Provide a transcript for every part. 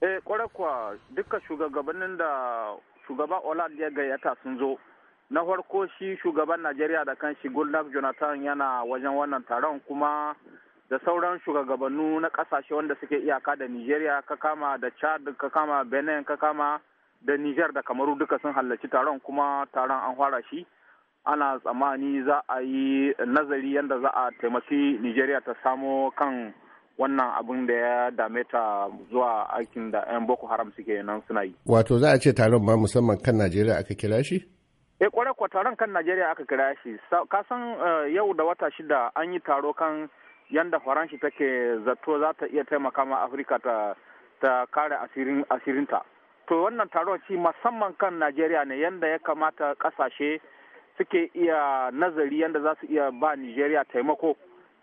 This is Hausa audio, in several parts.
eh kwarakwa duka shugabannin da shugaba oladiya gayyata sun zo na farko shi shugaban najeriya da kan shi jonathan yana wajen wannan taron kuma da sauran shugabannu na kasashe wanda suke iyaka da nigeria ka kama da chad ka kama benin ka kama da niger da kamaru duka sun halarci taron kuma taron an fara shi ana tsammani za a yi nazari yadda za a taimaki nigeria ta samo kan wannan abin da ya dame ta zuwa aikin da 'yan boko haram suke nan suna yi wato za a ce taron ma musamman kan najeriya aka kira shi e eh, kwarai kwa taron kan najeriya aka kira shi kasan eh, yau da wata shida an yi taro kan yanda faranshi take zato za ta iya taimaka ma afirka ta kare asirin asirinta to wannan taron shi musamman kan najeriya ne yanda ya kamata kasashe suke iya nazari yanda za su iya ba nigeria taimako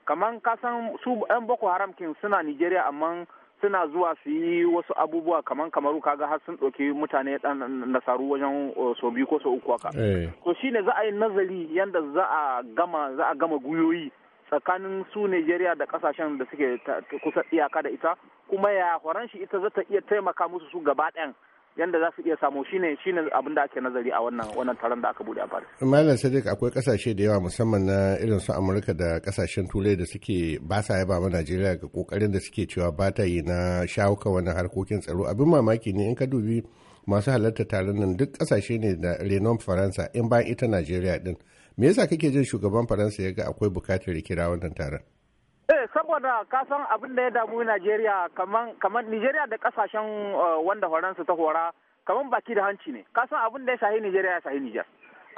kaman kasan su 'yan boko haram kin suna nigeria amma suna zuwa su yi wasu abubuwa kaman kamaru kaga har sun ɗauki mutane ɗan nasaru wajen so biyu ko so uku haka eh. to shine za a yi nazari yanda za a gama za a gama guyoyi tsakanin su Nigeria da kasashen da suke kusa iyaka da ita kuma ya horan shi ita za ta iya taimaka musu su gaba ɗayan yanda za su iya samu shine shine abin da ake nazari a wannan wannan taron da aka bude a Paris. Malam Sadiq akwai kasashe da yawa musamman na irin su Amurka da kasashen Turai da suke ba sa yaba ma Najeriya ga kokarin da suke cewa ba ta yi na shawuka wani wannan harkokin tsaro abin mamaki ne in ka dubi masu halarta taron nan duk kasashe ne da renon Faransa in bayan ita Najeriya din me yasa kake jin shugaban Faransa ya ga akwai bukatar kira wannan taron? saboda ka san abin da ya damu Najeriya kamar Najeriya da kasashen eh, wanda horansu ta hora kamar baki da hanci ne ka san abin da ya sahi Najeriya ya sahi Niger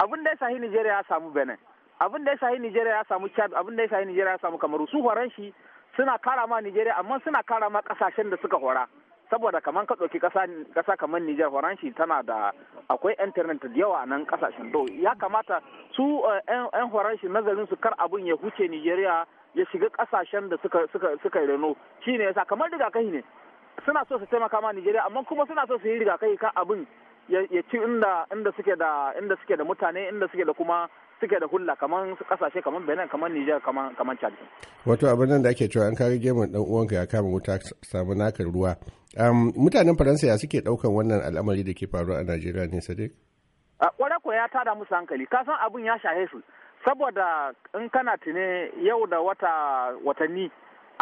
abin da ya sahi Najeriya ya samu Benin abin da ya sahi Najeriya ya samu Chad abin da ya sahi Najeriya ya samu Kamaru su horan shi suna kara ma Najeriya amma suna kara ma kasashen da suka hora saboda kamar ka kasa kasa kamar horan shi tana da akwai internet da yawa nan kasashen do ya kamata su eh, 'yan shi nazarin su kar abun ya huce Najeriya ya shiga kasashen da suka suka suka reno shine yasa kamar rigakafi ne suna so su taimaka ma Nijeriya amma kuma suna so su yi rigakafi kan abin ya ci inda inda suke da inda suke da mutane inda suke da kuma suke da hulla kamar kasashe kamar Benin kamar Niger kamar kamar Chad wato abin nan da ake cewa an kare gemun dan uwanka ya kama wuta samu nakar ruwa mutanen Faransa ya suke daukan wannan al'amari da ke faruwa a Najeriya ne Sadiq a kware ko ya tada musu hankali kasan abin ya shahe su saboda in kana tune yau da wata watanni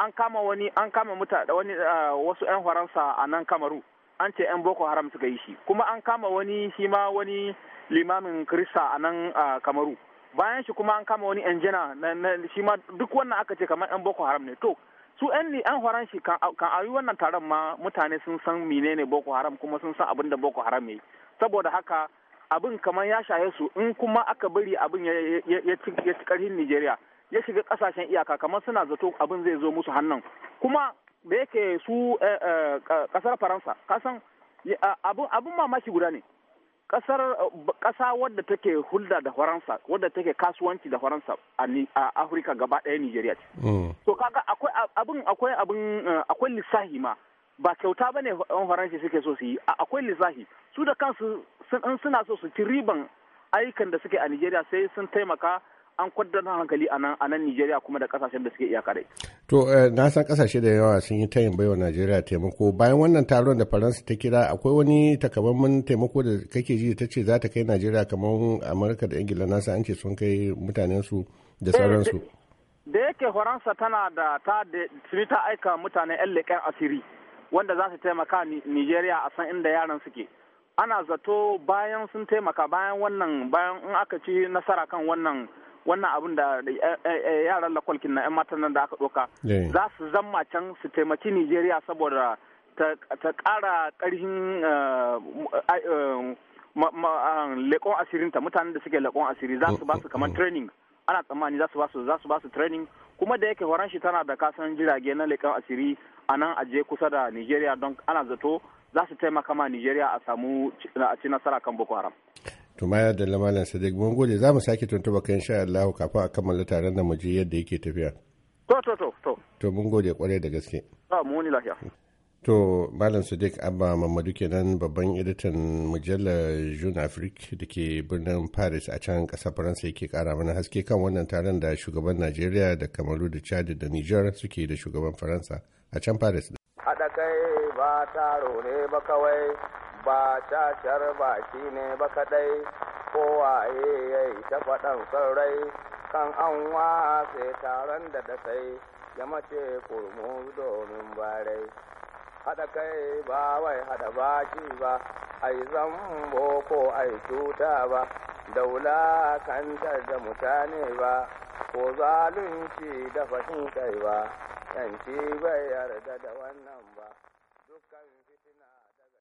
an kama wani an kama wani eh, wasu 'yan faransa a nan kamaru an ce 'yan boko haram suka yi shi kuma an kama wani shi ma wani limamin krista a nan eh, kamaru bayan shi kuma an kama wani na, shi ma duk wannan aka ce kamar 'yan boko haram ne to su 'yan yan faran shi kan a wannan taron ma mutane sun san menene boko haram kuma sun san abin da boko haram ne saboda haka abin kamar ya shaye su in kuma aka bari abin ya ci karhin Nijeriya ya shiga kasashen iyaka kamar suna zato abin zai zo musu hannun kuma da yake su eh, eh, kasar Faransa kasan abin mamaki guda ne kasar kasa wadda take hulda da faransa wadda take kasuwanci da faransa a afirka gaba ɗaya nigeria mm. to kaga akwai abin akwai abin eh, akwai lissahi ma ba kyauta ba ne yan faransa suke so su yi akwai lissafi su da kansu in suna so su ci riban ayyukan da suke a nigeria sai sun taimaka an kwadana hankali a nan Nigeria kuma da kasashen da suke iyaka dai. To eh, na san kasashe da yawa sun yi tayin baiwa Najeriya taimako bayan wannan taron da Faransa ta kira akwai wani takamaiman taimako da kake ji ta ce za ta kai Najeriya kamar Amurka da Ingila na san an ce sun kai mutanen su eh, da sauransu. Da yake Faransa tana da ta da ta aika mutanen 'yan leƙen asiri. wanda za su taimaka Nigeria a san inda yaran suke. Ana zato bayan sun taimaka bayan wannan bayan in aka ci nasara kan wannan wannan abin da eh, eh, eh, yaran lakwalkin na 'yan matan da aka doka. za su zama can su taimaki Nigeria saboda ta ƙara ƙarfin leƙon asirinta mutanen da suke leƙon asiri za su ba su kamar mm. training ana tsammani za su ba su training kuma da yake horon shi tana da kasan jirage na leƙen asiri a nan aje kusa da nigeria don ana zato za su taimaka ma nigeria a samu a ci nasara kan boko haram tuma da lamalan sadiq mun gode za mu sake tuntuba kan sha allahu kafin a kammala taron da mu je yadda yake tafiya to to to to to mun kwarai da gaske to mu wani lafiya To, Malam Sadiq Abba Mamadu kenan babban editan mujallar Jeune Afrique da ke birnin Paris a can ƙasar Faransa yake ƙara mana haske kan wannan taron da shugaban Najeriya da Kamaru da Chad da Niger suke da shugaban Faransa a can Paris. Haɗa kai ba taro ne ba kawai ba cacar baki ne ba kaɗai kowaye ya yi ta faɗan sarrai kan an wase taron da da sai ya mace kurmu domin barai. haɗa kai ba wai haɗa baki ba ai zambo ko ai cuta ba daula kantar da mutane ba ko zalunci da fashin kai ba yanci bai yarda da wannan